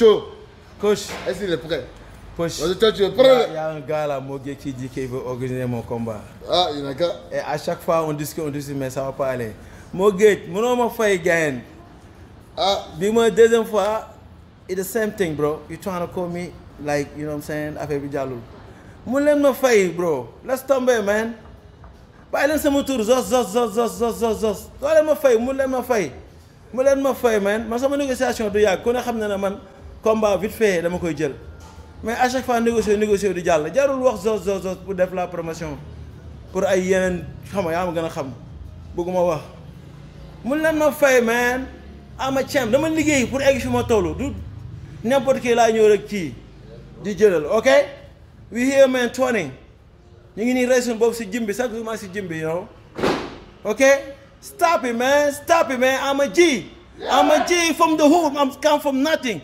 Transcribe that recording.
chaud. Coach. Est-ce qu'il est prêt Coach. Toi, tu es prêt Il y, a un gars là, Mogué, qui dit qu'il veut organiser mon combat. Ah, il y en a qu'un. Et à chaque fois, on discute, on discute, mais ça va pas aller. Mogué, mon nom a failli gagner. Ah. dis moi, deuxième fois, it's the same thing, bro. You're trying to call me, like, you know what I'm saying, Affaire Bidjalou. Mon nom m'a failli, bro. Laisse tomber, man. bàyyi leen sama tour. zos zos zos zos zos zos zos doo leen ma fay mu leen ma fay mu leen ma fay man man sama négociation du yàgg ku ne xam na ne man combat vite fait dama koy jël mais à chaque fois négocier négocier du jall jarul wax zoz zoz zoz, pour def la promotion pour ay yenen xam nga ma gëna xam bëgguma wax mu la no fay man ama cem dama liggéey pour egg fi ma tolu du n'importe qui la ñëw rek kii di jëlal ok we here man training ñi ngi ni raison suñu ci si sax bi chaque jour maa yow ok stop it man stop it man I'm a G I'm a G from the hood I'm come from nothing